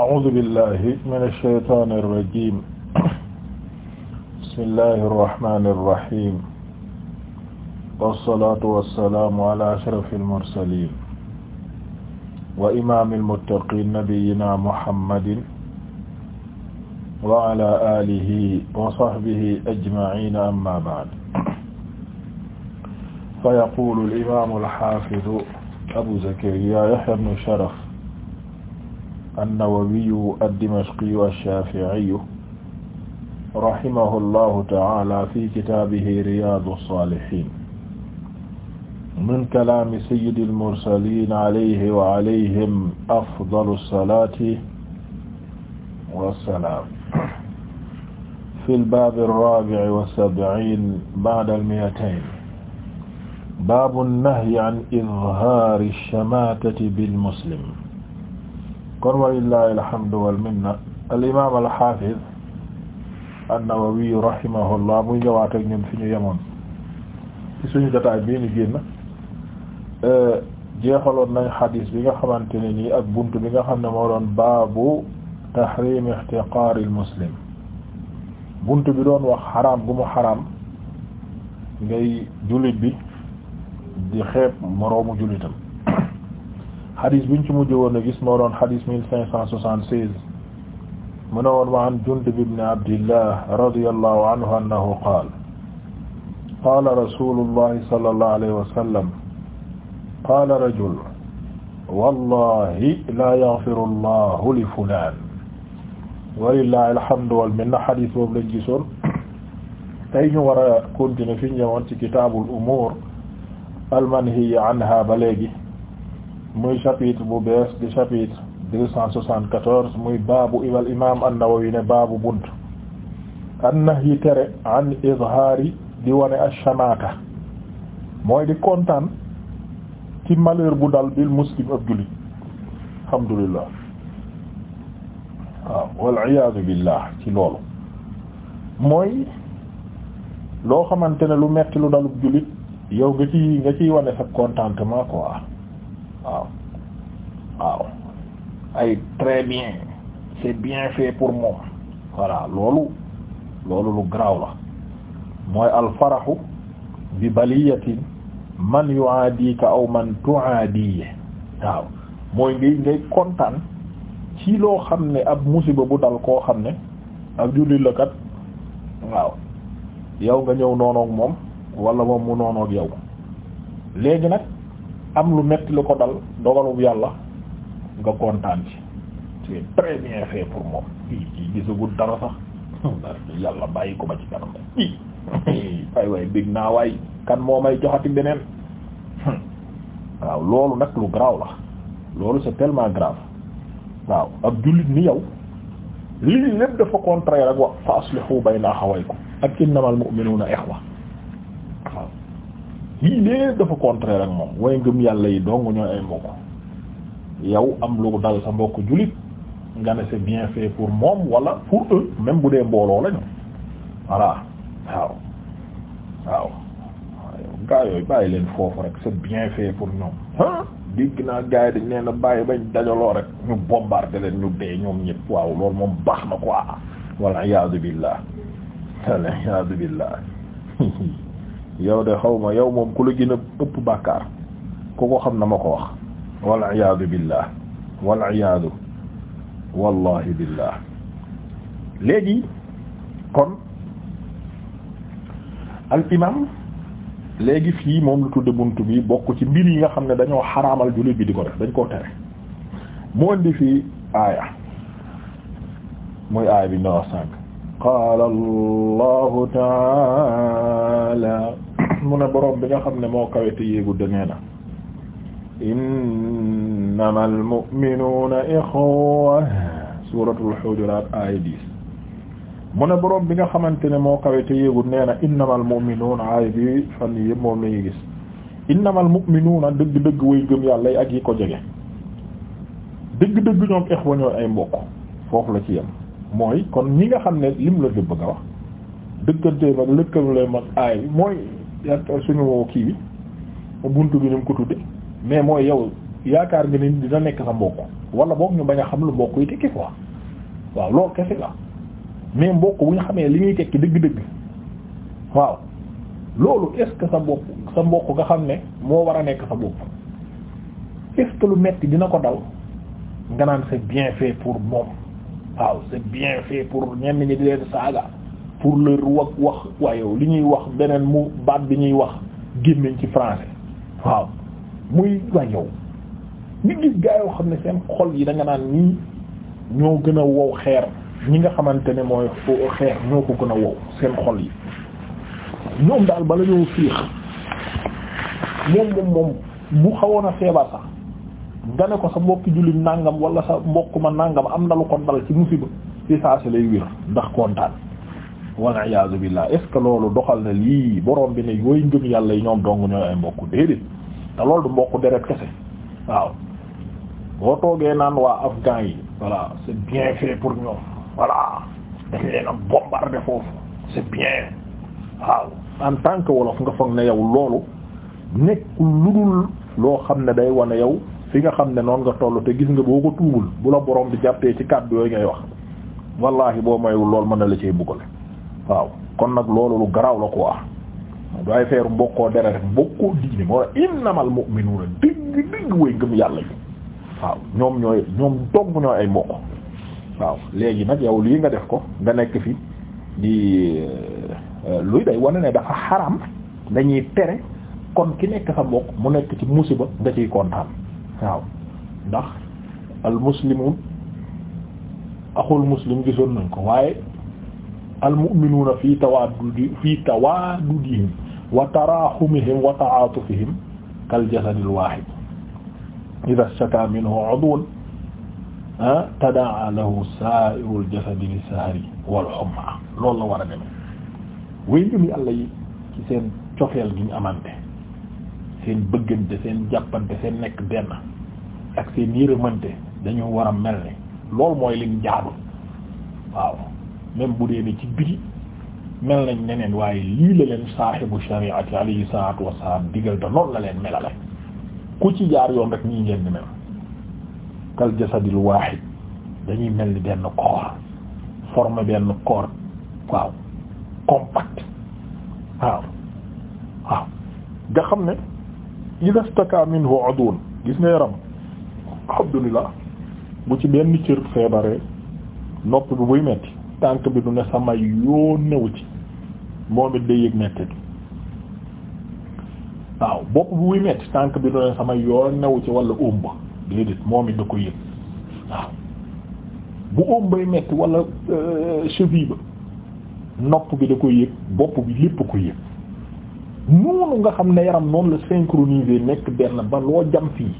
أعوذ بالله من الشيطان الرجيم بسم الله الرحمن الرحيم والصلاة والسلام على أشرف المرسلين وإمام المتقين نبينا محمد وعلى آله وصحبه أجمعين أما بعد فيقول الإمام الحافظ أبو زكريا يحيى بن شرف an-Nawawiyu ad-Dimashqiyu ash-Shafi'iyu rahimahu llahu ta'ala fi kitaabihi Riyaadu s-Saalihiin min kalaami sayyidil mursaliin alayhi wa alayhim afdalu s-salaati wa s-salaam fil baabi r-raabi'i wa s-sab'iin ba'da l-mi'atayn baabu n-nahyi an izhaari sh-shamaatati bil-muslim kon walillahi alhamdu wal minna al imaam al haafiz an-Nawawi rahimahullah muy ñëwaat ak ñun fi ñu yemoon ci suñu jotaay bii ñu génn euh, jeexaloon nañ xadiis bi nga xamante ne nii ak bunt bi nga xam ne moo doon baabu tahrim ihtiqaar al bunt bi doon wax xaraam gu mu xaraam ngay jullit bi di xeeb moroomu julitam xadis biñ ci mujj woon a gis moo doon xadis mille cinq cent soixante-seize mu ne woon wa an Jundub ibn Abdillah radiyallahu anhu annahu qaal qaala rasulullahi sallallahu alayhi wa sallam qaala rajul wallahi laa yaghfiru llahu li fulaan walillahi alhamdu wal minna xadis boobu lañ gisoon tey ñu war a continuer fi ñëwoon ci kitaabul umuur al manhiya anha ba léegi muy chapitre bu bees di chapitre deux cent soixante-quatorze muy baabu iwal imaam an-Nawawi ne baabu bunt an yi tere an izhaari di wane ash-shamaata mooy di kontaan ci malheur bu dal bil muslim ab jullit alhamdulillah waaw wal iyaadu billah ci loolu mooy loo xamante ne lu metti lu dalub jullit yow nga ci nga ciy wane sa contentement quoi waaw waaw ay très bien c'est bien fait pour moom voilà loolu loolu lu garaaw la mooy faraxu bi baliyatin man ka aw man tu'adi waaw mooy ngi ngay kontaan ci loo xam ne ab musiba bu dal koo xam ne ab jullit la kat waaw yow nga ñëw noonoog moom wala moom mu noonoog yow léegi nag am lu metti lu ko dal dogalub yàlla nga kontaan ci c'est très bien fait pour moom i ci gisagul dara sax yàlla bàyyi ko ba ci kanam i fay waay bég naa waay kan moo may joxati beneen waaw loolu nag lu garaaw la loolu c'est tellement grave waaw ab jullit ni yow lii lépp dafa contraire ak wa fa aslihu bayna axawaykum ak innamal mu'minuna ixwa lii léeg dafa contraire ak moom way ngëm yàlla yi dong ñooy ay mbokk yow am lu dal sa mbokk jullit nga ne c'est bien fait pour moom wala pour eux même bu dee mbooloo lañu voilà waaw waaw gaa bàyyi leen foofu rek c'est bien fait pour ñoom ah dégg naa gars yi dañ leen a bàyyi bañ dajaloo rek ñu bombarder leen ñu dee ñoom ñëpp waaw loolu moom baax na quoi wal iyaadu billah wal iyaadu yow de xaw ma yow moom ku la gën ëpp bàkkaar ku ko xam na ma ko wax wal iyaadu billah wal iyaadu wallahi billah léegi kon al imam léegi fii moom lu tudde bunt bi bokk ci mbir yi nga xam ne dañoo xaraamal jullit bi di ko def dañ koo tere mu indi fii aaya muy aaya bi ñu la wax sànq qaala mu ne borom bi nga xam ne moo kawe te yéegu de nee na innamal mu'minuuna ixwa suuratul hujuraat aaya dix mu ne borom bi nga xamante ne moo kawe te yéegu nee na innamal mu'minuuna aaya bi fan yii moom lañuy gis innamal mu'minuuna dëgg-dëgg way gëm yàlla yi ak yi ko jege dëgg-dëgg ñoom ixwa ñooy ay mbokk foofu la ci yem mooy kon ñi nga xam ne lim la bëgg a wax dëgganteem ak lëkkaloo ak aay mooy. ak suñu wow kii bi bunt bi ni mu ko tudde mais mooy yow yaakaar nga ni dina nekk sa mbokk wala boog ñu bañ a xam lu mbokk yi tekki quoi waaw loolu kese mais mbokk bu xamee li ñuy tekki dëgg-dëgg waaw loolu est ce que sa bopp sa mbokk nga xam ne moo war a nekk sa bopp est lu metti dina ko dal nga naan c'est bien fait pour moom waaw c'est bien fait pour ñenn ñi di leen saaga. pour leur wax wax waayow li ñuy wax beneen mu baat bi ñuy wax gémmiñ ci français waaw muy waayow ngi gis gaa xam ne seen xol yi danga naan ñii ñoo gën a wow xeer ñi nga xamante ne mooy xeer ñoo ko gën a wow seen xol yi ñoom daal bala ñoo fiix moom moom bu xawoon a feebar sax nga ne ko sa mbokki jullit nàngam wala sa mbokk ma nàngam am na lu ko dal ci musiba ci saa si lay wir ndax kontaan wal iyaazu billah est loolu doxal na lii borom bi ne yooyu ngëm yàlla yi ñoom dong ñooy ay mbokk déedéet te loolu du mbokk deret kese waaw boo toogee naan waa afghan yi voilà c'est bien fait pour ñoom voilà dañ leen a foofu c'est bien waaw en tant que wolof nga foog ne yow loolu nekk lu dul loo xam ne day wane yow fi nga xam ne noonu nga toll te gis nga boo ko tuubul bu la borom bi jàppee ci kàddu yooyu ngay wax wallahi boo mayul loolu mën na la cee bugale waaw kon nag loolu lu garaaw la ko du ay feeru mbokkoo dere rek mbokkoo diine moo innamal mu'minuuna digg digg way ngëm yàlla yi waaw ñoom ñooy ñoom dogg ñooy ay mbokk waaw léegi nag yow lii nga def ko nga nekk fi di euh, luy day wane ne dafa xaram dañuy tere kon ki nekk sa mbokk mu nekk ci musiba nga ciy kontaan waaw ndax al muslimun axul muslim gisoon nañ ko waaye almu'minuuna fii tawaadudi fii tawaadudihim wa taraahumihim wa ta'aatufihim kal jasadil waahid idaa shakaa minhu 'udwun tadaa'aa lahu saa'irul jasadi bis-sahari wal humma loolu la war a demee way ngëm yàlla yi ci seen cofeel gi ñu amante seen bëggante seen jàppante seen nekk benn ak seen yërëmante dañu war a mel ni loolu mooy liñ jaadu waaw même bu dee ci biti mel nañ neneen waaye lii la leen saaxibu shari'ati alayhi salaatu wassalaam digal te noonu la leen melale ku ci jaar yoon rek ñii ngeen di mel kal jasadil waahid dañuy mel ni benn corps forme benn corps waaw compact waaw waaw nga xam ne idha staka minhu udun gis nga yaram alhamdulillah bu ci benn cër feebaree nopp bi buy metti tànk bi du ne sama yoo newu ci moom it day yëg metti waaw bopp bu muy metti tànk bi du ne sama yoo newu ci wala ëmb déedéet moom it da ko yëg waaw bu ëmbay metti wala euh, cheville ba nopp bi da koy yëg bopp bi lépp ko yëg noonu nga xam ne yaram noonu la synchronisé nekk benn ba loo jam fii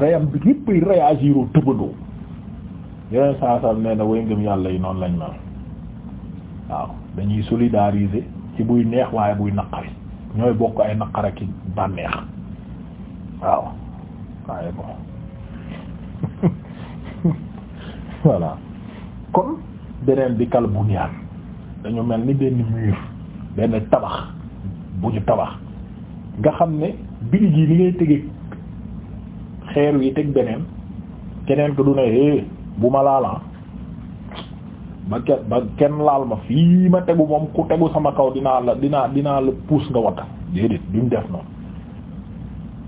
reyam bi léppay réagir tëbadoo yeneen saasal nee na way ngëm yàlla yi noonu lañ mel waaw dañuy solidariser ci buy neex waaye buy naqari ñooy bokk ay naqaraki bànneex waaw waaye bon voilà kon beneen bi kal bunyaan dañu mel ni benn mur benn tabax bu tabax nga xam ne birig yi li ngay tege xeer yi teg beneen keneen ko du ne bu ma la ba kenn ba kenn laal ma fii ma tegu moom ku tegu sama kaw dinaa la dinaa dinaa la puus nga watta déedéet duñ def noonu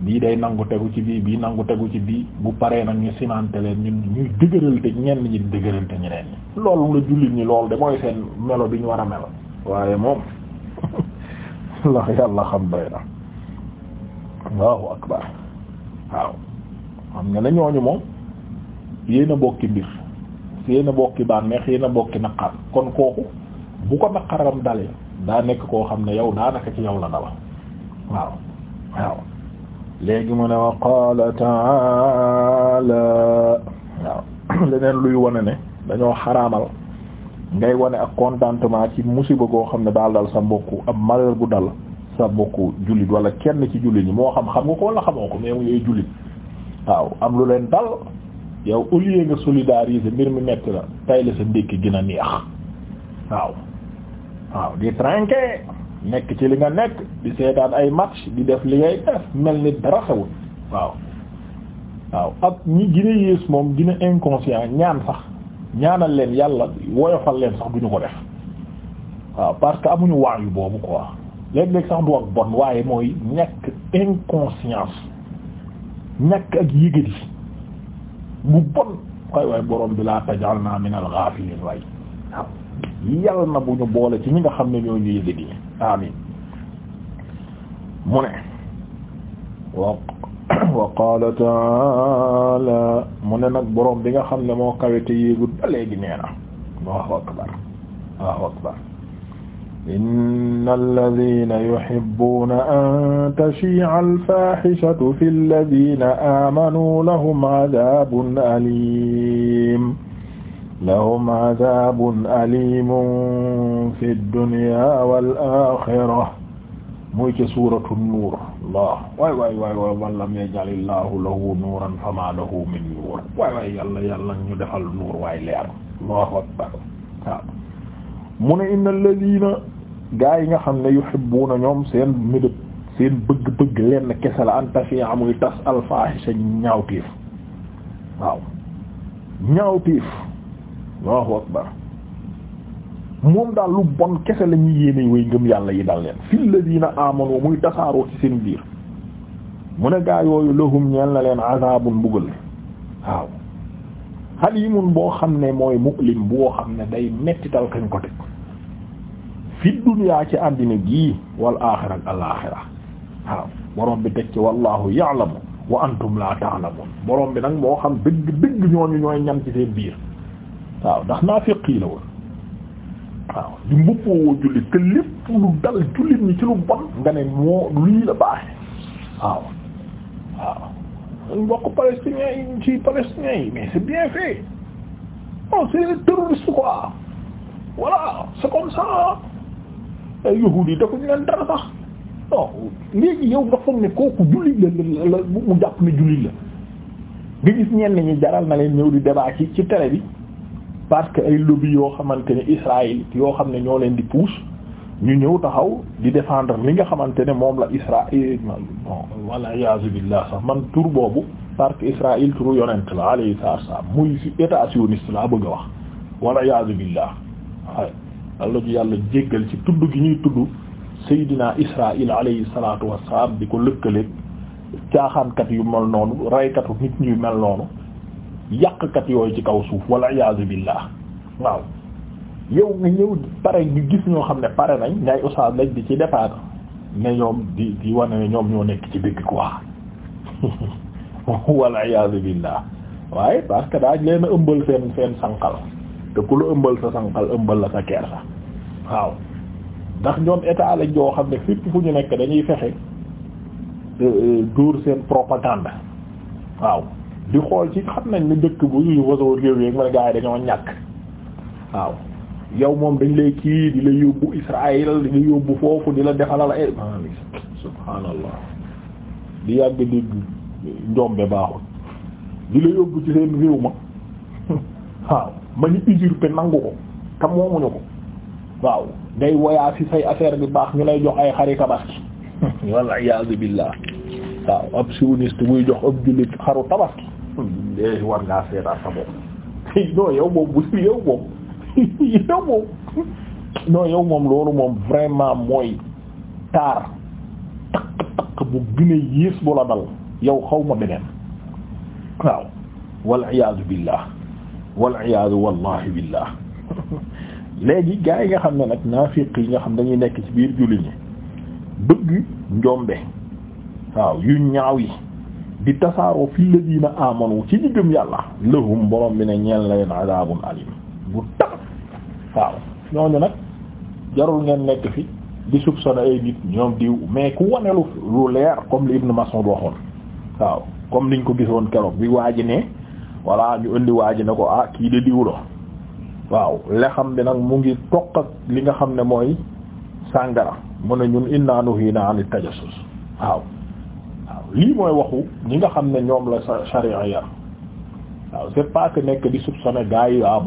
bii day nangu tegu ci bii bii nangu tegu ci bii bu paree nag ñu sinante leen ñun ñuy dëgëral te ñenn ñi loolu la jullit ñi loolu de mooy seen melo bi ñu war a melo waaye moom la yàlla xam doy na allahu akbar waaw xam nga ne ñooñu moom yéen a bokki mbir yéen a bokki bànneex yéen a bokki naqar kon kooku bu ko naqaram dalee daa nekk koo xam ne yow daanaka ci yow la dala waaw mu ne wa leneen luy wane ne dañoo xaraamal ngay wone ak contentement ci musiba koo xam ne daal dal sa mbokk am malheur bu dal sa mbokku jullit wala kenn ci jullit ñi moo xam xam nga ko wala xamoo ko mais mu jullit waaw am lu leen dal yow au lieu nga solidariser mbir mu nekk la tay la sa ndékki gën a neex waaw waaw di trinquer nekk ci li nga nekk di seetaan ay match di def li ngay def mel ni dara xewul waaw waaw ak ñi gën yées moom gina a ñaan sax ñaanal leen yàlla woyofal leen sax duñu ko def waaw parce que amuñu waayu boobu quoi léeg-léeg sax du ak bon waaye mooy ñàkk inconscience ñàkk ak yëgadi bu bon xay waay borom bi la tajalna min al ghafilin waay na bu ñu boole ci ñi nga xam ne ñoo ñuy liggéey amin mu ne wa wa qala taala mu ne nag borom bi nga xam ne moo kawete yéegul ba léegi nee na allahu akbar allahu akbar inna alladina yuhibbuuna an tashii'a alfaaxishatu fi alladina aamanuu lahum adaabun aliim lahum adaabun aliimun fi dunya wal aaxira muy ci suuratu nuur Allah waay waay waay waay wa lam yaj'alillaahu lahu nuuran famaa lahu min nuur waay waay yàlla yàlla ñu defal nuur waay leer Allahu akbar waaw mu ne inna alladina gaa yi nga xam ne yuhibbuuna ñoom seen médét seen bëgg-bëgg lenn kese la an tafi'a muy tas alfaahisha ñaawteef waaw ñaawteef Allahu akbar moom daal lu bon kese la ñuy yéene way ngëm yàlla yi dal leen fil ladina amanu muy tasaaroo ci seen biir mu ne gaa yooyu lahum ñeel na leen azabun mbugal waaw halimun boo xam ne mooy mu'lim boo xam ne day mettital kañ ko teg fi dunya ci àddina gii wal aaxira waaw borom bi teg ci wallahu ya'lamu wa antum la ta'lamun borom bi nag moo xam dëgg dëgg ñooñu ñooy ñam ci seen biir waaw ndax naafiq yi la woon waaw di mbubboo jullit te lépp lu dal jullit ñi ci lu bon nga ne moo lii la baaxe waaw waaw suñ mbokk palestiniens yi ci palestiniens yi mais c'est bien fait non c'est terroriste quoi voilà c'est comme ça ay yahuud yi defuñu leen dara sax non léegi yow nga foog ne kooku jullit la la mu jàpp ne jullit la nga gis ñenn ñi jaral na leen ñëw di débat ci ci télé bi parce que ay lobby yoo xamante ne Israël yoo xam ne ñoo leen di pousse ñu ñëw taxaw di défendre li nga xamante ne moom la Israël bon walla iyaazu billah sax man tour boobu parce que Israël turu yonent la alayhi salaam muy ci état laa bëgg a wax wala iyaazu billah yàlla ju yàlla jéggal ci tudd gi ñuy tudd Seydina Israil alayhi salaatu wassalaam di ko lëkkaleeg caaxaankat yu mel noonu raykatu nit ñuy mel noonu yàqkat yooyu ci kaw suuf wala iyaazu billah waaw yow nga ñëw pare gi gis ñoo xam ne pare nañ ngay oustaz lañ di ci départ ne ñoom di di wane ne ñoom ñoo nekk ci dëgg quoi wala iyaazu billah waaye parce que daaj leen a ëmbal seen seen sànqal te ku la ëmbal sa sànqal ëmbal la sa kersa waaw ndax ñoom état lañ joo xam ne fépp fu ñu nekk dañuy fexe euh, euh, dóor seen propagande waaw di xool ci xam nañ ni dëkk bu waso réew yeeg ma ne gars yi dañoo ñàkk waaw yow moom dañ lay kii di la yóbbu Israël di la yóbbu foofu di la defalal ay subhaanallah di yàgg di njombe baaxul di la yóbbu ci seen réew ma waaw ma ñu usurper nangu ko te moomuñu ko waaw ngay woyaa si say affaire bi baax ñu lay jox ay xari tabaski walla iyaazu billaah waaw ab sioniste buy jox ab jullit xaru tabaski léegi eh, war ngaa moom bu yow moom yow moom non moom loolu moom vraiment mooy taar takk-takk bu gën a yées bu la dal yow xaw ma beneen waaw wal iyaazu billaah wal iyaadu wallahi billah léegi gaa yi nga xam ne nag naafiq yi nga xam dañuy nekk ci biir julli ñi bëgg njombe waaw yu ñaaw yi di tasaaroo fi ladina amanu ci ñi gëm yàlla lahum borom bi ne ñeel na leen adaabun alim bu tax waaw ñooñu nag jarul ngeen nekk fi di soupçonner ay nit ñoom diw mais ku wane lu leer comme li Ibn Mas'ud waxoon waaw comme niñ ko gisoon keroog bi waa ji ne voilà ñu indi waa ji ne ko ah kii de diwlo waaw lexam bi nag mu ngi toq ak li nga xam ne mooy sàngara mu ne ñun inna nuhina an tajassus waaw waaw lii mooy waxu ñi nga xam ne ñoom la sharia yar waaw c'est pas que nekk di soupçonner gars yi ah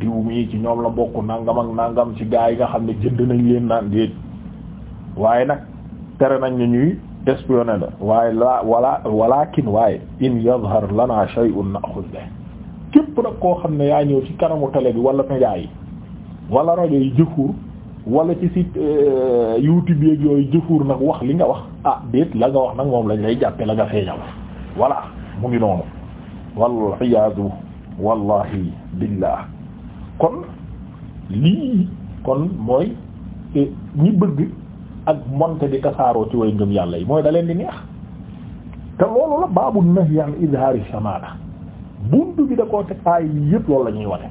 diw mii ci ñoom la bokk nangam ak nangam ci gars yi nga xam ne jënd nañ leen naan déet waaye nag tere nañ ne ñuy espionné la waaye la wala walakin waaye in yadhar lana shay'un na'khudh be képp nag koo xam ne yaa ñëw ci kanamu télé bi wala média yi wala rajo yi jëfuur wala ci site euh, YouTube yooyu jëfuur nag wax li nga wax ah déet la nga wax nag moom lañ lay jàppe la nga feeñal wala mu ngi noonu wal iyaadu wallahi billah kon lii kon mooy eh, ñi bëgg ak monte di tasaaroo ci way ngëm yàlla yi mooy da leen di neex te loolu la baabu nahyi an izhaari samaana buntu bi da koo teg aay yi yëpp loolu lañuy ñuy wane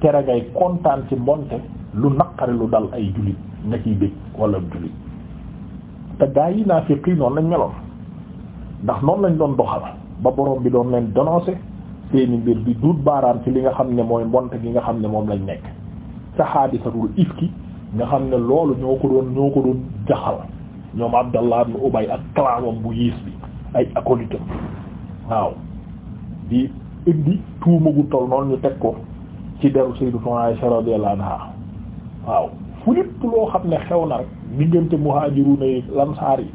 tere ngay kontaan ci mbonte lu naqari lu dal ay jullit nga ciy bëgg wala jullit te yi naa fi xii noonu lañ meloon ndax noonu lañ doon doxal ba borom bi doon leen dénoncer seeni mbir bi duut baaraam ci li nga xam ne mooy mbonte gi nga xam ne moom lañ nekk sa xaadisatul ifki nga xam ne loolu ñoo ko doon ñoo ko doon jaxal ñoom Abdallah ibn Ubay ak clamam bu yiis bi ay acolytes waaw di indi tuuma gu toll noonu ñu teg ko ci deru Sayyidatu Aisha radiyallahu anha waaw fu lépp loo xam ne xew na rek diggante muhaajiruuna yi lansaar yi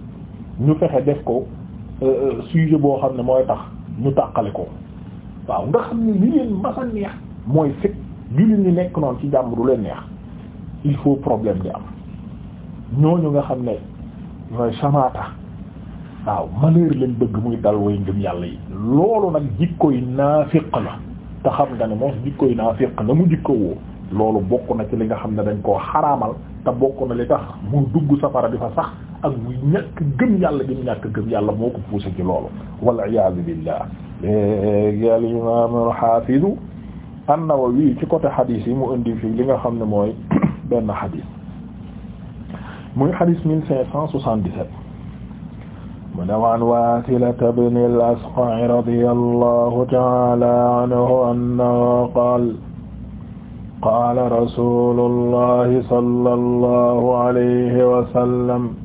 ñu fexe def ko euh, euh, sujet boo xam ne mooy tax ñu tàqale ko waaw nga xam ne li leen masa neex mooy fekk jullit nekk noonu ci jàmm du leen neex il faut problème di am ñooñu nga xam ne ñooy samaata waaw malheur lañ bëgg muy dal way ngëm yàlla yi loolu nag jikkoy naafiq la te xam nga ne moom jikkoy naafiq na mu jikko loolu bokk na ci li nga xam ne dañ koo xaraamal te bokk na li tax mu dugg safara di fa sax ak muy ñàkk gëm yàlla gi mu ñàkk gëm yàlla moo ko poussé ci loolu wal iyaazu billah léegi al imaam al xaafidu an-Nawawi ci côté xadis yi mu indi fii li nga xam ne mooy benn xadis muy xadis mille cinq cent soixante-dix-sept mu dawaan Waasilata ibn al-Asqa' radiyallahu ta'ala anhu annahu qaala qaala rasuulullahi sallallahu alayhi wa sallam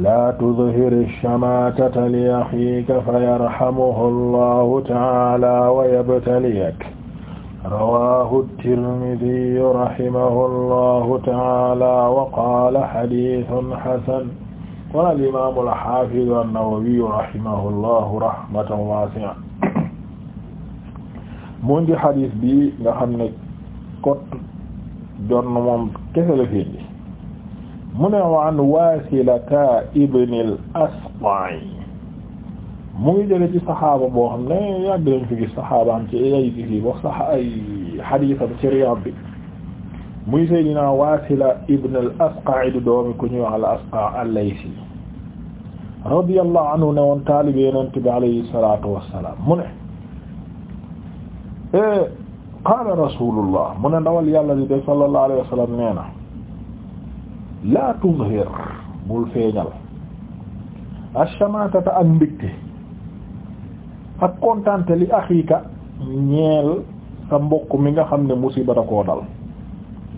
laa tuzhiri shamaatata li axiika fayarhamuhu allahu ta'ala wa yabtaliyak rawaahu tirmidiyu rahimahu allahu taala wa qaala xadiisun xasan qaala al-imaamu al-xaafidu an-nawawiyu rahimahu allahu rahmatan waasi'a mu ngi xadis bi nga xam ne kot doon na moom kese la fi mu ne waan Waasilata ibn al-Asqa'i mu ngi jële ci saxaaba boo xam ne yàgg lañ fi gis saxaabaam ci ay gis wax sax ay xadiisam ci Riyaad bi muy Seydina Waasila ibn al-Asqa' di doomi ku ñuy wax al-Asqa' al-Laysi radiyallahu anhu ne woon taalibe Yonent bi alayhi salaatu wassalaam mu ne eh, qaala rasulullah mu ne ndawal yàlla di de sallallahu alayhi wa sallam nee na laa tuzhir bul feeñal ash-shamaatata ak mbégte ak kontante li axiika ñeel sa mbokk mi nga xam ne musiba da dal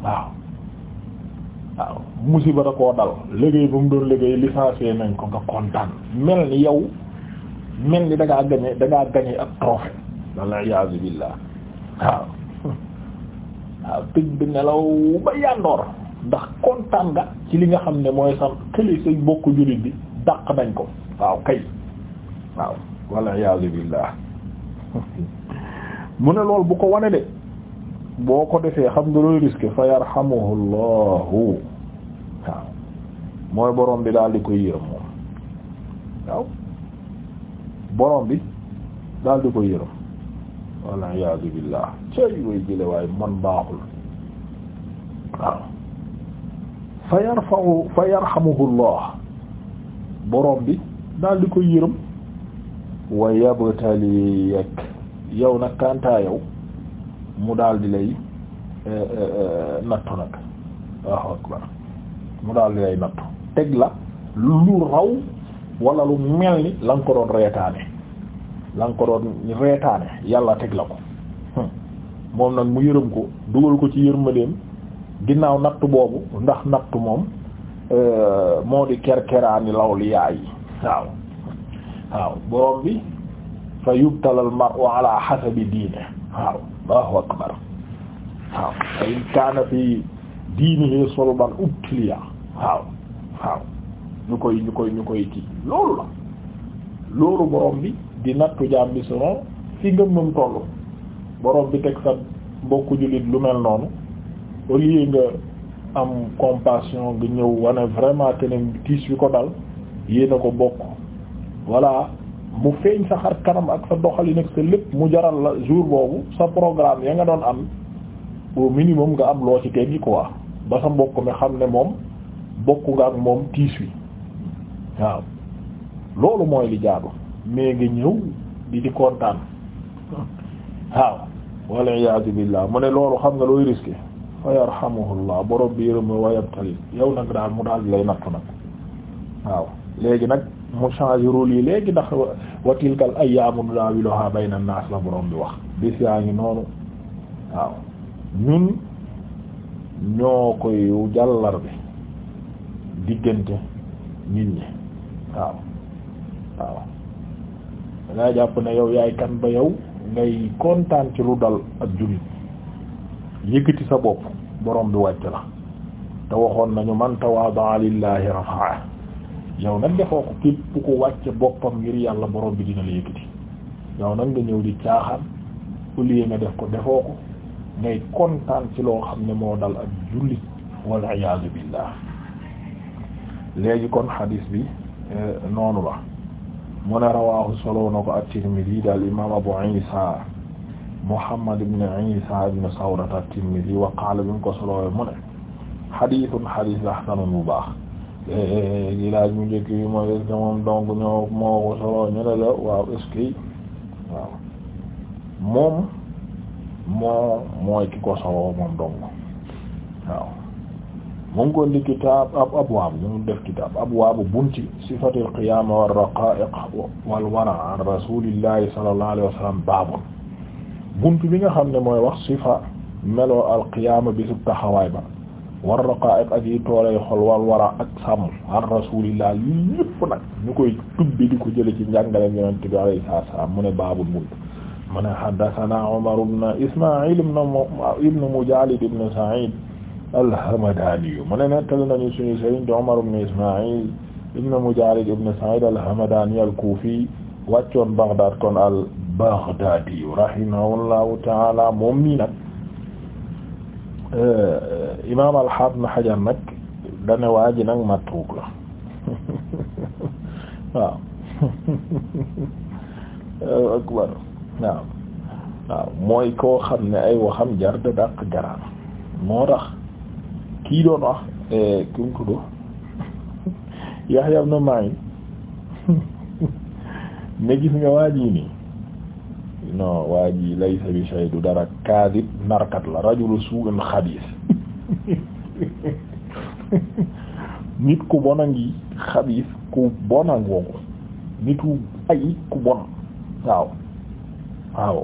waaw waaw musiba da koo dal liggéey bu mu doon liggéey licencié nañ ko nga kontaan mel ni yow mel ni da ngaa gañe da ngaa gañe ab trophée walla iyaazu billaah waaw waaw bi nelaw ba yàndoor ndax kontaan nga ci li nga xam ne mooy sa këli say bokk jullit bi dàq nañ ko waaw kay waaw wal iyaazu billah mu ne loolu bu ko wane de boo ko defee xam nga looy risque fa yarhamuhu llahu mooy borom bi daal di koy yërëm moom bi daal ko yërëm wal iyaazu billah cay way jële waaye man baaxul waaw fa yarfa'u fa yarhamuhu llah borom bi daal di ko yërëm wa yabtaliyek yow nag kantaa yow mu daal di lay eh, eh, eh, nattu nag mu daal di lay nattu teg la lu raw wala lu mel ni la ko doon reetaane la ko doon reetaane yàlla teg la ko hmm. moom nag mu yërëm ko dugal ko ci yërmandeem ginnaaw natt boobu ndax natt moom moo di kerkeraani law li yaay waaw waaw borom bi fa yubtalal mar'u ala hasabi diine waaw Allahu akbar waaw fa kaana fi diinihi sulban ubtiliya waaw waaw ñu koy ñu koy ñu koy kii loolu la loolu borom bi di nattu jaam bi selon fi ngëmmam tollu borom bi teg sa mbokku jullit lu mel noonu au lieu nga am compassion nga ñëw wane vraiment keneen tiis wi ko dal yéena ko bokk voilà mu feeñ sa xar kanam ak sa doxalin ak sa lépp mu jaral la jour boobu sa programme ya nga doon am au minimum nga am loo ci teggi quoi ba sa mbokk mi xam ne moom bokk nga ak moom tiis wi waaw loolu mooy li jaadu mais nga ñëw di di kontaan waaw walla iyaazu billaah mu ne loolu xam nga looy risqué fa yarhamuhullah borom biiram wa yabtali yow nag daal mu daal lay nattu nag waaw léegi nag mu changé yi léegi ndax wa tilkal ayyaamu nudaawiluhaa bayna naas la borom bi wax bis yaa ngi noonu waaw ñun ñoo koy jàllar diggante nit ñi waaw waaw dangaa jàpp na yow yaay kan ba yow ngay kontaan ci lu dal ak jullit yëkkati sa bopp borom bi wàcc la te waxoon nañu man tawaada lillahi rafaa yow nañ defoo ko képp ku wàcce boppam ngir yàlla borom bi dina la yëkkati yow nag nga ñëw di caaxaan au lieu nga def ko defoo ko ngay kontaan ci loo xam ne moo dal ak jullit wal iyaazu billah léegi kon xadiis bi eh, noonu la mu ne rawaahu solo na ko at-Tirmidhi daal imaam Abu Isa Muhammad ibn Isa ibn Sawrat at-Tirmidhi wa qaala bi mu ko solowe mu ne xadiisun xadiis la xasanun bu baax léegi eh, laaj mu njëkk bi mooy est-ce que moom donc ñoo moo ko solo ñu ne la waaw est waaw moom moo mooy ki ko solo moom donc waaw mu ngi ko indi ab abwaab ñu def kitaab abwaabu bunti sifatil qiyaama war raqaa'iq wal wara an rasuulillahi sallallahu alayhi wa sallam baabu bi nga xam ne mooy wax sifa meloo al qiyaama bi su taxawaay ba. war raqa'iq ak yi toolay xol wal wara ak sàmm an rasulillah yi yëpp nag ñu koy tubbi di ko jële ci njàngaleem yonente bi alayhi salaatu wa salaam mu ne baabul bunt mu ne haddathana Umar ibn Isma'il ibn Mujalid ibn Sa'id al-Hamadani mu ne nettali nañu suñu sëriñ di Umar ibn Isma'il ibn Mujalid ibn Sa'id al-Hamadani al-Kufi wàccoon Baghdad kon al-Baghdadi rahimahullahu ta'ala moom nii nag Euh, imaam al-Haafiz Hajar nag dane waa ji nag matruuk la waaw akbar waaw waaw mooy koo xam ne ay waxam jar da dàq moo tax kii doon wax eh, ki mu tudd Yahya ibn Ma'in ne gis nga waa ji nii non waa ji laysa bi shay du dara kaadib narkat la rajulu su'in xabiis nit ku bon a ngi xabiis ku bon a ngoogu nitu ay ku bon waaw waaw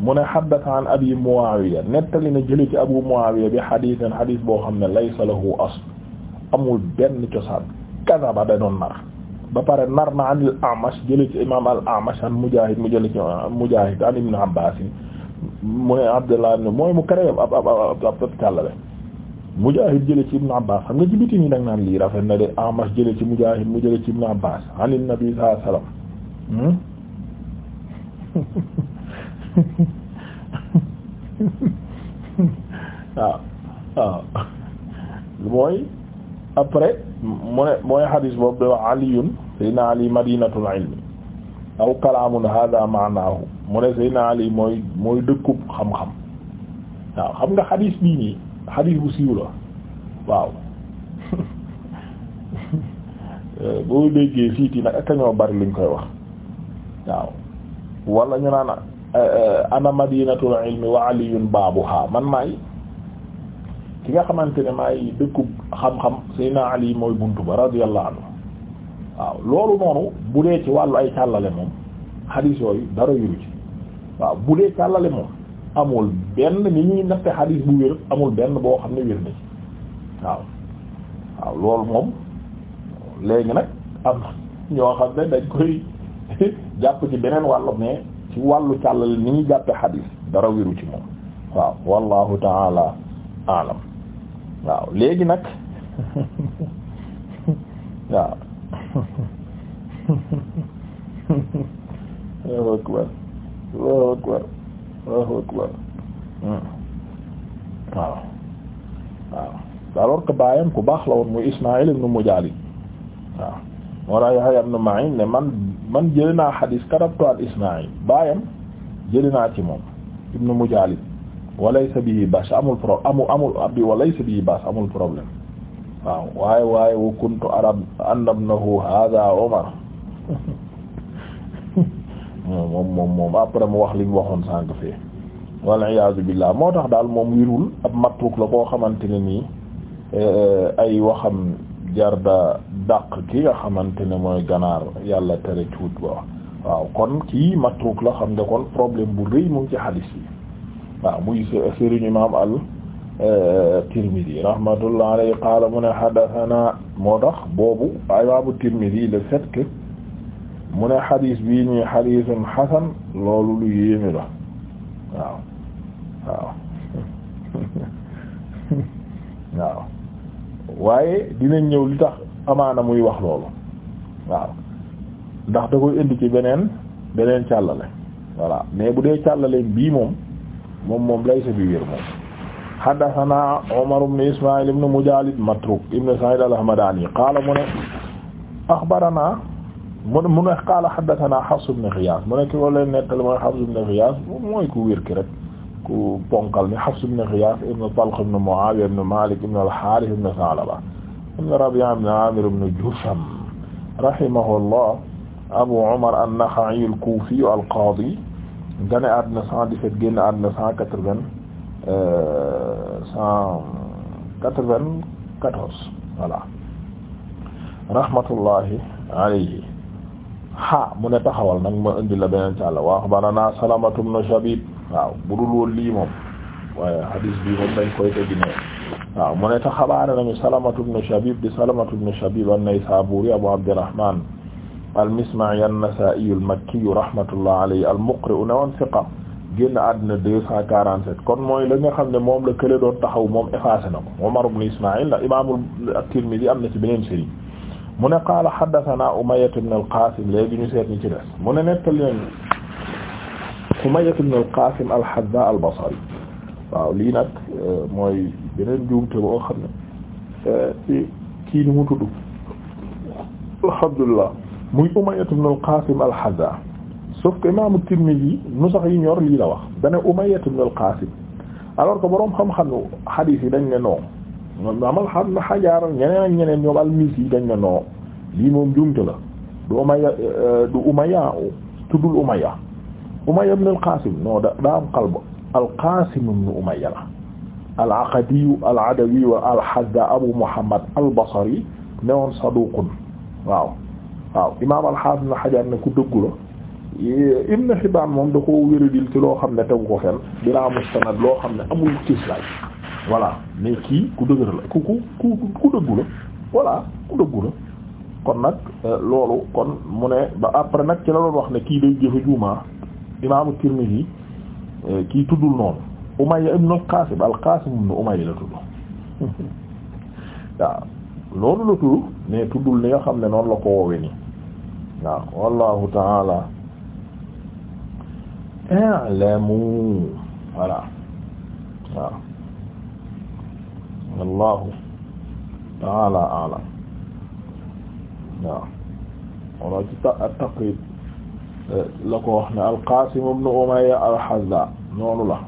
mu ne xaddata an abi muawiya nettali na jële ci abu muawiya bi xadiisan xadiis boo xam ne laysa lahu asl amul benn cosaan kadaba da doon nar ba pare nar na an al-A'mash jële ci imam al-A'mash an Mujaahid mu jële ci euh, Mujaahid an Ibn Abbaas mu ne Abdullah mooy mu créé ab ab ab ab kàllale Mujaahid lii rafet na de A'mash ci Mujaahid mu jële ci Ibn Abbaas an Nabi sallallahu alayhi wasallam waaw hmm? ah, ah. mooy après mu ne mooy xadis boobu da wax aliyun saydna madinatul ilmi aw kalaamun hada maanaahu mu ne saydna mooy mooy dëkkub xam-xam waaw xam nga xadis bii nii xadis bu siiw la waaw boo déggee siiti nag ak ñoo bari luñ koy wax waaw wala ñu naan eh, eh, ana madinatul ilmi wa aliyun baabuha man maay ki nga xamante ne maay dëkkub xam-xam Seydina Ali mooy buntu ba radiyallahu anhu waaw loolu noonu bu dee ci wàllu ay càllale moom xadiis dara yuru ci waaw bu dee càllale moom amul benn ni ñuy natte xadiis bu wér amul benn boo xam ne wér na ci waaw loolu moom léegi nag am ñoo xam ne dañ koy jàpp ci beneen wàll mais ci wàllu càllale ni ñuy jàppe xadiis dara wéru ci moom waaw wallahu taala aalam waaw léegi nag waaw Allahu akbar Allahu akbar Allahu akbar hmm. waaw waaw alors que baayam ku baax la woon muy Ismaïl ibn Mujalid waaw moo tax Yahya ibn Ma'in ne man man jëli naa xadiis karabtu an Ismaïl baayam jëli naa ci moom ibn Mujalid walaysa bihi baas amul pro amul amul abdi walaysa bihi baas amul problème waaw waaye waaye wa kuntu arab annabnahu hada Omar moom moom moom après mu wax li waxoon sànq fee wal iyaazu billaah moo tax daal moom wirul ab matruk la koo xamante ne nii eh, ay waxam jarda dàq ki nga xamante ne mooy ganaar yàlla tere cuut ba waaw kon kii matruk la xam nga kon problème bu rëy mu ci xadiis yi waaw muy sëriñ imam al euh, Tirmidi rahmatullah alayhi qaala mu ne hadathana moo tax boobu imaamu Tirmidi le fait que mu ne xadis bii nii xadisun xasan loolu lu yéeme la waaw waaw waaye dinañ ñëw li tax amaana muy wax loolu waaw ndax da koy indi ci beneen beneen càllale voilà mais bu dee càllale bii moom moom moom laysa bi wér moom haddathana Umar ibn Ismaïl ibn Mujalid Matruk ibn Sa'id al-Hamdani qaala mu ne akhbarana mu ne mu ne qaala haddathana Hafs ibn Ghiyath mu ne ki wala nettali mooy Hafs ibn Ghiyath mooy ku wér ki rek ku ponkal ni Hafs ibn Ghiyath ibn Talq ibn Mu'awiya ibn Malik ibn al-Harith ibn Tha'laba ibn Rabi'a ibn Amir ibn Jusham rahimahullah Abu Umar an-Nakha'i al-Kufi al-Qadi gane àdduna cent dix-sept génn àdduna cent quatre-vingt euh, cent quatre-vingt-quatorze voilà rahmatullahi alayhi ha mu ne taxawal nag ma indi la beneen càlla wa axbarana Salamatu ibn Shabib waaw budul woon lii moom waaye hadis bi moom dañ koy tegi ne waaw mu ne ta xabaare nañu Salamatu ibn Shabib di Salamatu ibn Shabib an-Naysaburi Abu Abdurrahman al-Misma'i an-Nasa'i al-Makki rahmatullah alayhi al-Muqri u newoon siqa génn àddina deux cent quarante-sept kon mooy la nga xam ne moom la kële doon taxaw moom effacé na ko Umar ibn Isma'il la imaamul at-Tirmidhi am na ci beneen sëriñ mu ne qaala haddathana Umayya ibn al-Qasim léegi ñu seet ñi ci des mu ne nettali nañu Umayya ibn al-Qasim al-Hadhdha al-Basri waaw lii nag euh, mooy beneen juumte boo xam ne euh, ci kii ni mu tudd alhamdulillah muy Umayyah ibn al-Qasim al-Hazza sauf que imaamu Tirmidhi nu sax yi ñor lii la wax dana Umayyah ibn al-Qasim alors que boroom xam-xamu hadith yi dañ ne non amal xam na Hajar ñeneen yi dañ ne non lii moom juumte la du Umayya euh, du Umayya tuddul qasim non da daa am qalb al-Qasim ibn Umayya la al-Aqadi al-Adawi wa al-Hazza Abu Muhammad al-Basri newoon saduqun waaw waaw imaam alxaafis na xajar ne ku dëggu la Ibn Hibbaan moom da ko wéradil ci loo xam ne tegu ko fenn bilaa mustanad loo xam ne amul cislaay voilà mais kii ku dëgër la ku ku ku ku dëggu la voilà ku dëggu la kon nag euh, loolu kon mu ne ba après nag ci la doon wax ne kii day jëfe juuma imaamu Tirmidhi euh, kii tuddul noonu Umayya ibn al-Qaasim al-Qaasim ibn Umayya la tudd waaw loolu la tudd mais tuddul ni nga xam ne noonu la ko woowe nii waaw wallahu taala a'lamu voilà waaw wallahu taala a'lam waaw wala ci taqrib eh, la ko wax ne al-Qasim ibn Umayya al-Hazza noonu la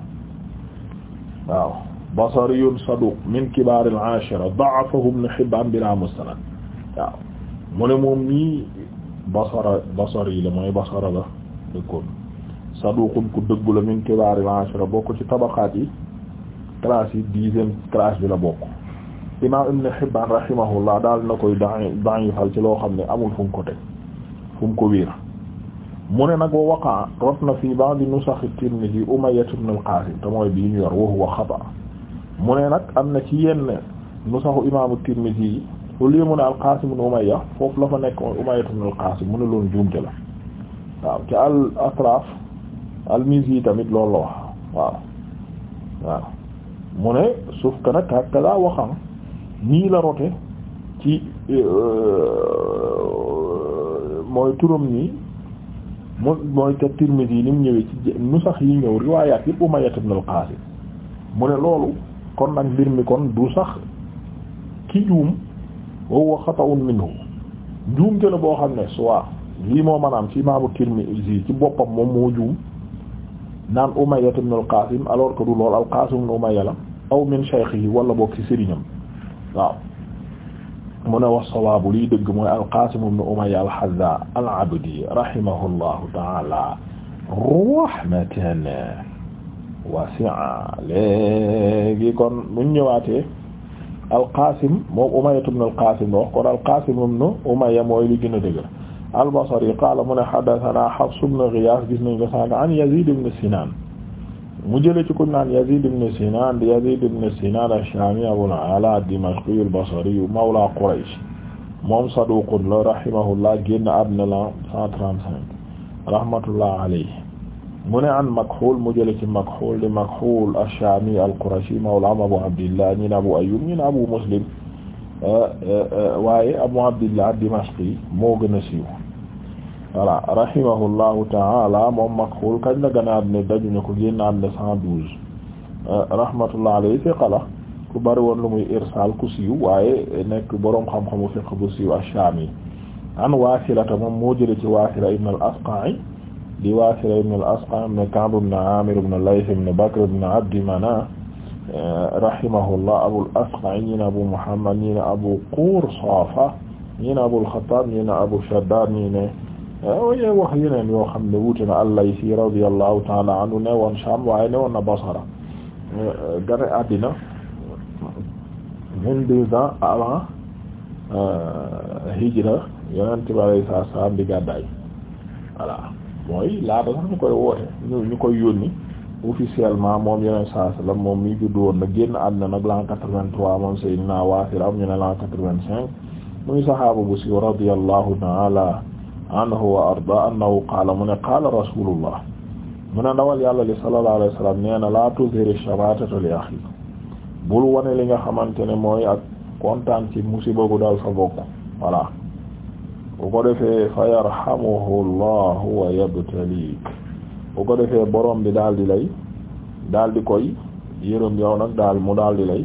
waaw basariyun saduq min kibar al-ashira da'afahu ibn Hibban bila mustanad waaw mu ne moom nii basara basar yi la mooy basara la dëkkoon saduqun ku dëggu la min kibaari ashara bokk ci tabaqaat yi classe yi dixième classe bi la bokk imaam ibn Hibbaan rahimahullah daal na koy da da'ifal ci loo xam ne amul fu ko teg fu ko wiir mu ne nag wa waqa rot na fii ba'd nusakh at-Tirmidhi Umayyah ibn al-Qasim te mooy bii ñu yor wa huwa xata mu ne nag am na ci yenn nusaxu imaamu Tirmidhi au lieu mu ne al-Qaasim ibn Umayya foofu la fa nekk Umayya ibn al mu ne loolu tamit loolu la wax waaw waaw mu ne suuf que euh, ñëwee ci nu sax kon nag mbir mi kon du sax ki juum wa huwa xata'un minhu juum te la boo xam ne soit lii moo maanaam ci imaamu Tirmizi ci boppam moom moo juum naan Umayya ibn al-Qasim alors que du lool al-Qasim ibn Umayya la aw min shaykhihi wala boog ci sëriñam waaw mu ne wax sawaabu liy dëgg mooy al-Qasim ibn Umayya al-Hazza al-Abdi rahimahullahu ta'ala rahmatan wasi'a léegi kon buñ ñëwaatee alqasim moom Umayyatu ibn alqasim la wax kon alqasim ibn Umayya mooy li gën a dëgër albasari qaala mu ne haddathana Hafs ibn Ghiyath gis nañ ko sànq an Yazid ibn Sinan mu jëlee ci ku naan Yazid ibn Sinan Yazid ibn Sinan ash-Shami Abul Ala ad-Dimashqi al-Basri mawla Quraysh moom saduqun la rahimahullah génn àddina la 135 rahmatullah alayhi mu ne an Makhuul mu jële ci Makhuul di Makhuul ash-Shaami al-Qurashi mawlaam Abu Abdillah ñi ne Abu Ayyuub ñi ne Abu Muslim euh, euh, euh, waaye moo gën a siiw voilà rahimahullahu ta'ala moom Makhuul kañ la gën a àdduna daju ñu ko génn àdduna cent douze rahmatullah alayhi fiqa la ku bari woon lu muy irsaal ku siiw waaye nekk boroom xam-xamu fiq bu siiw ash-Shaami an Waasilata moom moo jële ci Waasila ibn al-Asqa'i di Waasila ibn al-Asqa ibn Ka'b ibn Aamir ibn Layth ibn Bakr ibn Abdi Manaf eh, rahimahullah Abul Asqa ñi Abu Muhammad ñi na Abu Qursafa ñi na Abul Khattab ñi na Abu Shaddad ñi ne waaye eh, wax yeneen yoo xam ne wuute na al-Laythi radiyallahu ta'ala anhu ne woon Sham waaye ne woon na Basra eh, gane àddina vingt-deux ans avant hijra Yonent bi alayhi salaam di gàddaay voilà mooy laata sax ñu koy woote ñu ñu koy yónni officiellement moom yeneen saa salaam moom mi juddu woon na génn àddina nag l'an quatre-vingt-trois moom Seydina Waasir am ñu ne l'an quatre-vingt-cinq muy saxaaba bu siiw radiyallahu ta'ala anhu wa arda annahu qaala mu ne qaala rasulullah mu ne ndawal yàlla li sallallahu alayhi wa sallam nee na la tuzhir shamatata li akhi bul wane li nga xamante ne mooy ak kontaan ci musiba gu dal sa bokk voilà bu ko defee fa yarhamuhu allahu wa yabtalik bu ko defee boroom bi daal di lay daal di koy yërëm yow nag daal mu daal di lay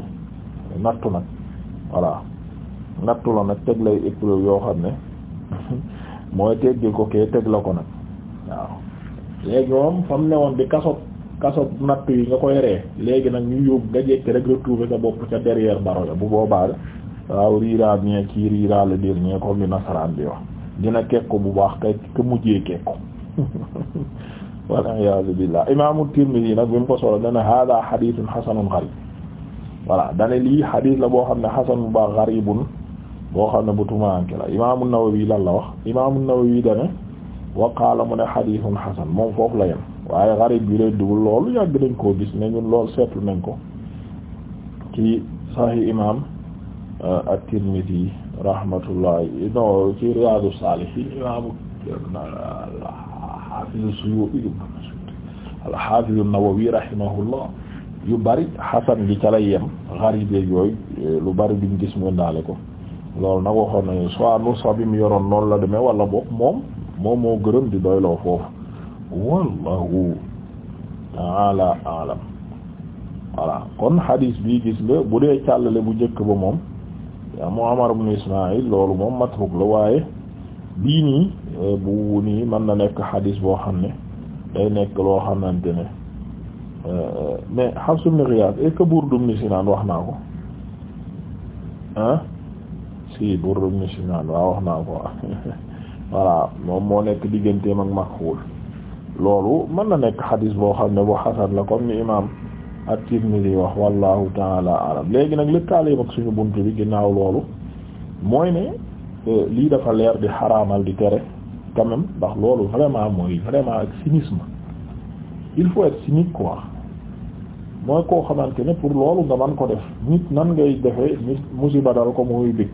nattu nag voilà nattu la nag teg lay épreuve yoo xam ne mooy teggi ko kee teg la ko nag waaw léegi moom fa ne woon bi kaso kaso nattu yi nga ko ree léegi nag ñu yóbbu nga jekki rek retrouver sa bopp ca derrière baro ya bu boobaa waaw riira bien kii riira le dernier comme nasaraan bi wax dina kekku bu baax kay ku mujjee kekku walla iyaazu billaah imaamu Tirmidhi nag bi mu ko solo dana hàdda xadiisun xasanun xarib voilà dana lii xadiis la boo xam ne bu baax xaribun boo xam ne bu tumaanke la imaamu Nawawi lan la wax imaamu Nawawi dana waqaala mu ne xadiisun xasan moom foofu la yem waaye xarib bi lay dugul loolu yàgg nañ koo gis ne lool seetu nañ ko ci saxi imaam Euh, at-Tirmidhi rahmatullahi non ci Riyadu Salihin imaamu al-Hafiz as-Suyuti al nawawi rahimahullah yu bari xasan gi ca lay yem xaribe yooyu lu bari biñ gis mu ndaale ko loolu nag waxoon nañu soit nu sa bi mu yoroon noonu la demee wala boog moom moom moo gërëm di doyloo foofu wallahu ta'ala a'lam kon hadis bi gis nga bu dee càllale bu njëkk ba moom mu Umar ibn Ismaïl loolu moom matruk la waaye bii nii eh, bu nii mën na nekk xadiis boo xam ne day nekk loo xamante ne eh, mais Hafs ibn Ghiyath est que Burd ibn Sinan wax naa ko ah si Burd waa wax naa ko voilà moom moo nekk digganteem ak Makhul loolu mën na nekk xadiis boo xam ne bu xasan la comme ni imaam at-Tirmidhi wax wallahu taala alam léegi nag lëkkaaleem ak suñu bunt bi ginnaaw loolu mooy ne euh, lii dafa leer di xaraamal di tere quand même ndax loolu vraiment mooy vraiment ak cynisme il faut être cynique quoi mooy koo xamante ne pour loolu nga man ko def nit nan ngay defee nit musiba dal ko mooy bëgg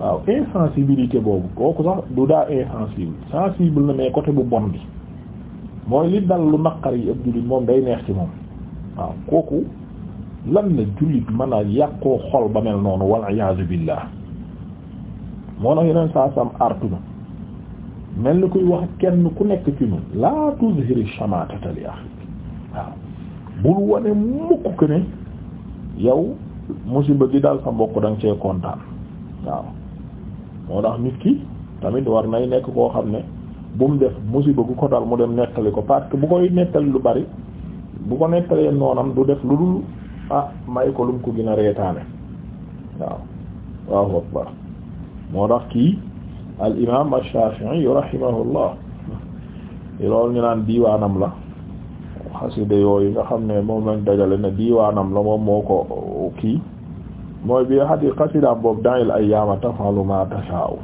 waaw insensibilité boobu kooku sax du daa insensible sensible na mais côté bu bon bi mooy li dal lu naqar yi ëpp jullit moom day neex ci moom waaw kooku lan la jullit mën a yàqoo xol ba mel noonu wal iyaazu billah moo tax yeneen saa sam artuma mel ni kuy wax kenn ku nekk ci ñun laa tuzhiri shamatata li akhi waaw bul wane mukk ko ne yow musiba di dal sa mbokk dang nga cee kontaan waaw moo tax nit ki tamit war nay nekk koo xam ne bu mu def musiba gu ko dal mu dem nettali ko parce bu koy nettali lu bari bu ko nettalee noonam du def lu dul ah may ko lum ko gën reetaane waaw Allahu akbar moo tax kii al imaam ash-Shafi'i rahimahullah loolu ñu naan diiwaanam la xasida yooyu nga xam ne moom lañ dajale ne diiwaanam la moom moo ko kii mooy bi xati xasidaam boobu da'il ayyaama tashaa'u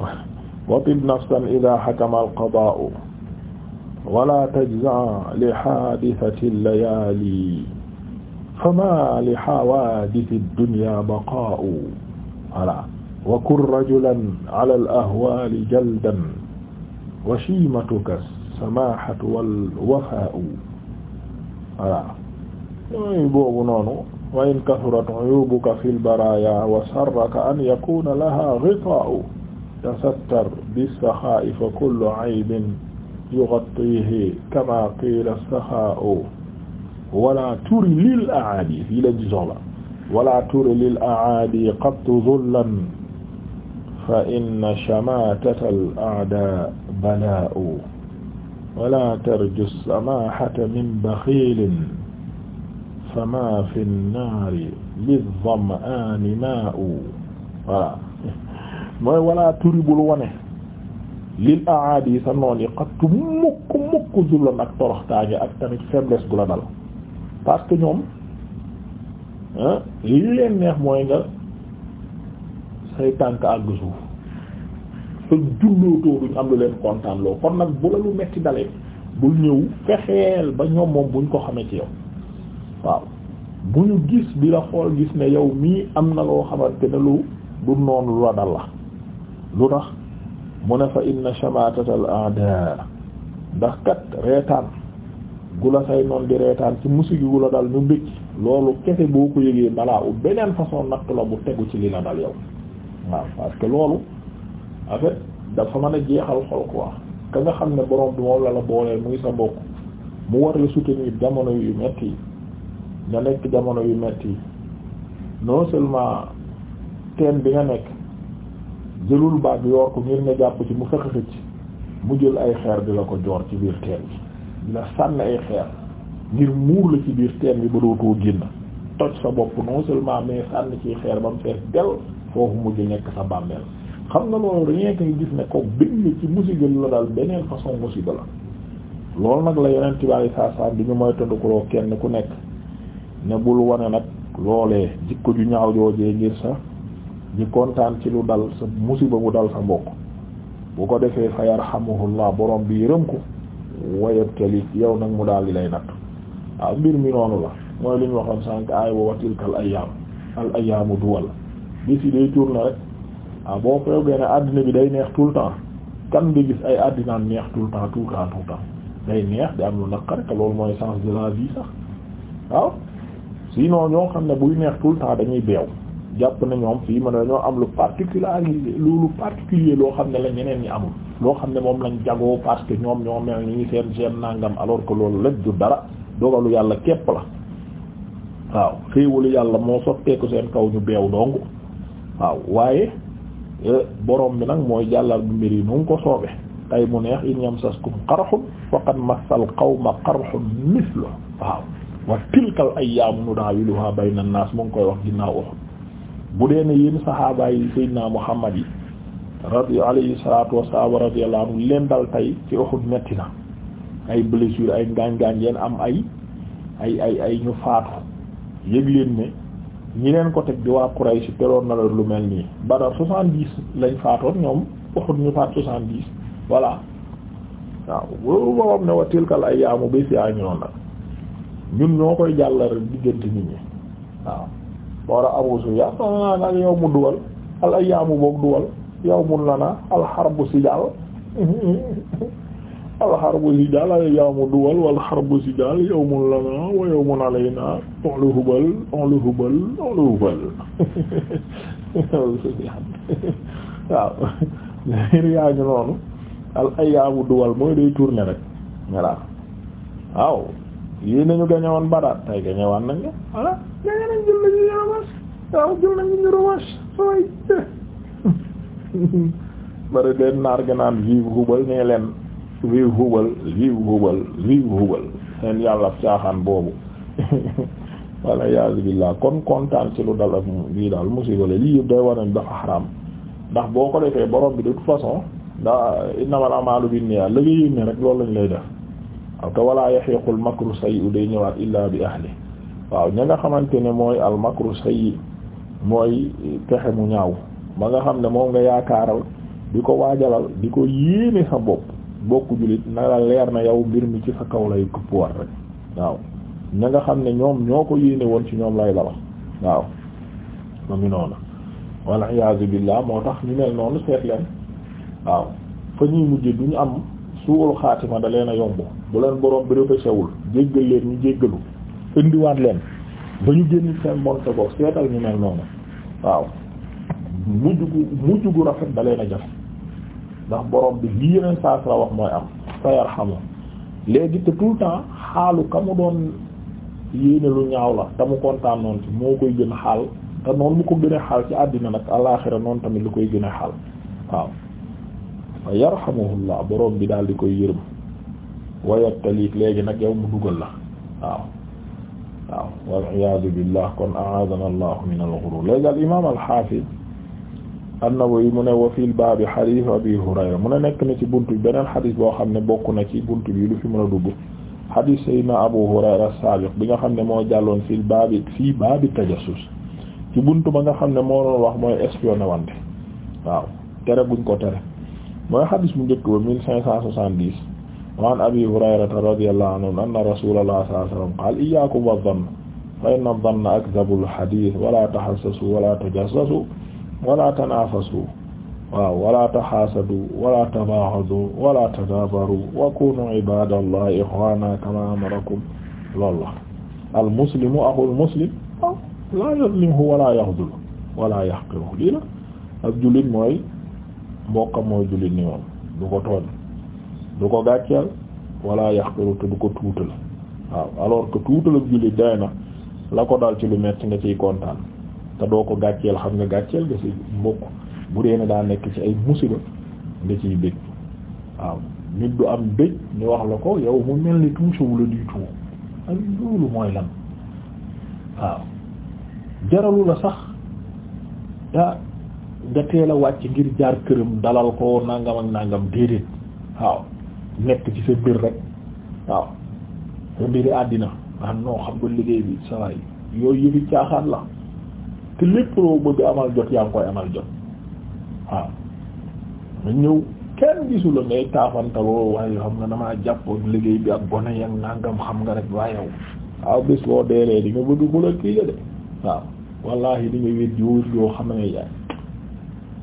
wa nafsan idha hakama al qadaa'u wala tajza li xaadisati layaali fama li xawaadisi dunya baqaa'u voilà wa kun rajulan ala al ahwaali jaldan wa chiimatuka samahatu wal wafaa'u voilà mooy boobu noonu wa in kasurat uyubuka fi lbaraya wa sarraka an yakuna laha gitaa'u tasattar bisaxaa'i fa kullu aybin yughatihi kama qila saxaa'u wala turi lil aadi fii la ci soxla wala turi lil aadi qattu zullan fa inna shamaatata al a'daa balaa'u wala tarju samaahata min baxiilin fama fi nnaari lizam'aani maa'u voilà mooy wala turi bul wane lil aadi yi sa noon yi xattu mukk mukk zullan ak toroxtaange ak tamit faiblesse gu la dal parce que ñoom li leen neex mooy nga say tànk àgg suuf sa jullootoo duñ am lu leen kontaan loo kon nag bu la lu metti dalee bul ñëw fexeel ba ñoom moom buñ ko xamee ci yow waaw bu ñu gis bi la xool gis ne yow mii am na loo xamante ne lu du noonu lu la dal la lu tax mu ne fa inna shamatatal a'da ndax kat reetaan gula say noon di reetaan ci musigi gula dal ñu bëgg loolu kese boo ko yëgee balaa u beneen façon natt la bu tegu ci li la dal yow waaw parce que loolu en fait dafa man a jeexal xol quoi ka nga xam ne borom bi moom la la booleel muy sa mbokk mu war la soutenir jamono yu metti yi nga nekk jamono yu metti yi non seulement teen bi nga nekk jëlul baag yor ko ngir nga jàpp ci mu fexe xëcc mu jël ay xeer di la ko joor ci biir teen bi di la ay xeer ngir muur la ci biir teen bi ba dootoo génn toj sa bopp non seulement mais sànn ci xeer ba mu fees del foofu mujj nekk sa bàmmeel xam nga loolu rien que gis ne ko benn ci musiba la daal beneen façon musiba la loolu nag la yeneen tubaab yi saa saa bi ñu mooy tëddukuloo kenn ku nekk ne bul wone nag loolee jikko ju ñaaw joojee ngir sa di kontaan ci lu dal sa musiba bu dal sa mbokk bu ko defee fa yarhamuhullah borom bi yërëm ko wayabtalik yow nag mu daal di lay natt waaw mbir mi noonu la mooy li ñu waxoon sànq ay wa a ayyaam al ayyaamu duwal bis yi day na rek ah boo ko gën a àddina bi day neex tout le temps kan nga gis ay àddinaan neex tout le temps tout le temps tout le temps day neex di am lu naqari loolu mooy sens de la vie sax waaw sinon ñoo xam ne buy neex tout dañuy beew jàpp na ñoom fii mën ñoo am lu particulier lu particulier loo xam ne la ñeneen ñi amul loo xam ne moom lañ jagoo parce que ñoom ñoo mel ni seen seen nangam alors que loolu lépp du dara dogalu yàlla képp la waaw xéewalu yàlla moo sotteeku seen kaw ñu beew dong waaw waaye euh, borom bi nag mooy jàllal bu mbir yi nu ngi ko soobe tay mu neex in yamsaskum qarhun faqad massal qawma qarhun mithlu waaw wa tilkal ayyaamu nudaawiluhaa bayna an-naas mu ngi koy wax ginnaaw bu dee ne yéen saxaaba yi Seydina Muhammad yi radi alayhi salatu wasalaam radiyallahu anhu leen dal tey ci Uhud metti na ay blessure ay ngaañ-ngaañ yeen am ay ay ay ñu faatu yëg leen ne ñi leen ko teg di waa Quraysh teroon na la lu mel nii Badar soixante-dix lañ faatoon ñoom Uhud ñu faat soixante-dix voilà waaw loolu borom ne wa tilkal ayyaamu bi si yaa ñu noonu nag ñun ñoo koy jàllale diggante nit ñi waaw moo tax Abu Sufyaan naa nag yow mu duwal al ayyaamu boog duwal yow mun lana al harbu sijaal al harbu sijaal al ayyaamu duwal wal harbu sijaal yow mun lana wa yow mun alaynaa on le hubal on hubal on hubal waaw yaa ngi noonu al ayyaamu duwal mooy day tourner rek voilà waaw yii nañu gañewoon Badar tay gañewaan nañ nga mais yeneen jël nañu ñu waaw jël nañu ñu revanche sooy bari den naar ga naan vive Hubal nee leen vive Hubal vive Hubal vive Hubal seen yàlla caaxaan boobu walla yaazu kon kontaan ci lu dal ak lii daal musiba la lii yëpp day war nañ dafa xaraam ndax boo ko defee borom bi de toute façon daa innamal a'maalu binniyaat la nga yéene rek loolu lañ lay def waaw te walla yahiiqul makru sayyi'u day ñëwaat illaa bi ahli waaw ña nga xamante ne mooy al makru sayyi mooy pexe mu ñaaw ba nga xam ne moom nga yaakaaral di ko waajalal di ko yéene sa bopp bokku jullit na leer na yow mbir mi ci sa kaw lay kuppuwaat rek waaw ña nga xam ne ñoom ñoo ko yéene woon ci ñoom lay dala waaw mu noonu walla iyaazu billaah moo tax ñu mel noonu seet leen waaw fa ñuy mujj duñu am suul xaatima da leen a yomb bu leen borom bi repéché wul jéggal leen ñu jéggalu indiwaat leen ba ñu génn seen mbonte boobu seetal ñu mel noonu waaw mujj gu mujj gu rafet da leen a jafe ndax borom bi lii yeneen saa la wax mooy am sa yar xam léegi te tout temps xaalu ka mu doon yéene lu ñaaw la te mu kontaan noonu ci moo koy gën xaal te noonu mu ko gën a xaal ci àddina nag alaaxira noonu tamit lu koy gën a xaal waaw fa yarhamuhullah borom bi daal di koy yërëm wayat taliit léegi nag yow mu dugal la waaw waaw waliyasu billah kon ahadana allahu min alghurur léegi al imam alhafid an-Nawawi mu ne wa fil baabi hadith abi hurayra mu ne nekk na ci bunt bi beneen hadith boo xam ne bokk na ci bunt bi lu fi mën a dugg hadith sayyidina abu hurayra saabiq bi nga xam ne moo jàlloon fil baabi fii baabi tajassus ci bunt ba nga xam ne moo doon wax mooy espionné wante waaw tere buñ ko tere mooy hadith bu njëkk ba mille cinq cent soixante wa an abi hurayrata radiyallahu anhu anna rasulallah sallallahu alayhi wa sallam qaala iyyaakum wa dhann fa inna dhanna akdhabul hadiith wala tahassasu wala tajassasu wala tanaafasu waaw wala tahaasadu wala tabaghadu wala tadabaru wa kunu ibaadallahi ikhwaana kama amarakum loolu la al muslimu akhul muslim laa yazlimuhu wala yaxdulu wala yaxqiruhu lii la ak jullit mooy mbokkam mooy jullit ni moom du ko tooñ du ko gàcceel wala yaxqiru te du ko tuutal waaw alors que tuutalam jullit day na la ko dal ci lu metti nga ciy kontaan te doo ko gàcceel xam nga gàcceel nga ci mbokk bu dee ne daa nekk ci ay musiba nga ciy bëgg waaw nit du am bëgg ñu wax la ko yow mu mel ni tuusawu la du tout ay loolu mooy lan waaw jaralu la sax ah nga teel a wàcc ngir jaar këram dalal ko nangam ak nangam déedéet waaw nekk ci sa biir rek waaw sa mbiri àddina ah non xam nga liggéey bi sa waay yooyu yëfi caaxaan la te lépp loo bëgg amal jot yaa ngi koy amal jot waaw nga ñëw kenn gisu la ngay taafantaloo waaye xam nga damaa jàpp liggéey bi ak gone yak nangam xam nga rek waaye yow waaw bis boo deelee di nga bëgg ku la kii de waaw wallahi di nga wét yoo yoo xam ne yaay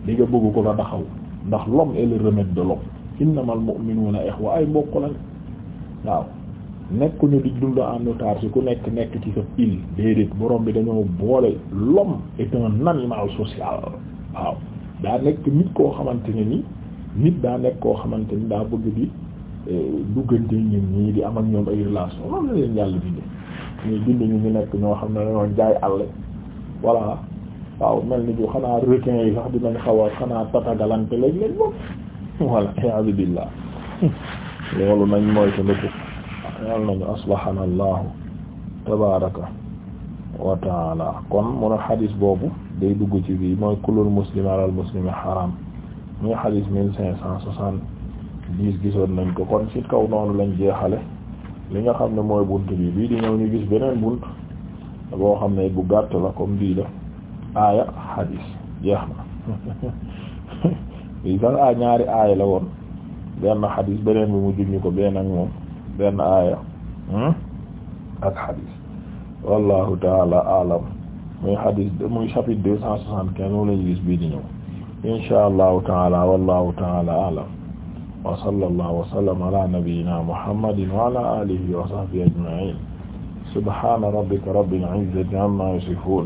di bëgg ko la daxaw ndax l'homme est le de l'homme innamal na ixwa ay mbokk lañ waaw nekkuñu di dund en autarcie ku nekk nekk ci sa île déedéet borom bi dañoo boole l'homme est un animal social waaw daa nekk nit koo xamante ne ni nit daa nekk koo xamante ni daa bëgg di eh, duggante ñun ñii di am ak ñoom ay relation am na leen yàlla binde ñuy bind ñu ñu nekk ñoo xam ne dañoo jaay àll voilà waaw mel ni ñu xanaa requin yi sax dinañ xaw a xanaa tatagalante léeg-léeg moom walla iyaazu billaah loolu nañ moytu ndëkku yal nañu aslahana allahu tabaraka wa kon mun a xadis boobu day dugg ci bi mooy kulul muslim alal muslimi haram muy xadis gisoon nañ ko kon ci kaw noonu lañ jeexale li nga xam ne mooy bunt bi bii di ñëw ñu gis beneen bunt boo xam ne bu gàtt la comme bii la aaya xadis jeex na lii sax a ñaari aaya la woon benn xadis beneen bi mu junj ko benn ak moom benn aaya hmm, ak xadis wallahu taala alam muy xadis muy chapitre deux cent soixante-quinze moom lañu gis bii di ñëw insha allahu taala wallahu taala alam wa sallallahu wa sallam ala nabiyyina muhammadin wa ala alihi wa sahbihi ajma'in subhana rabbika rabbil izzati amma yasifun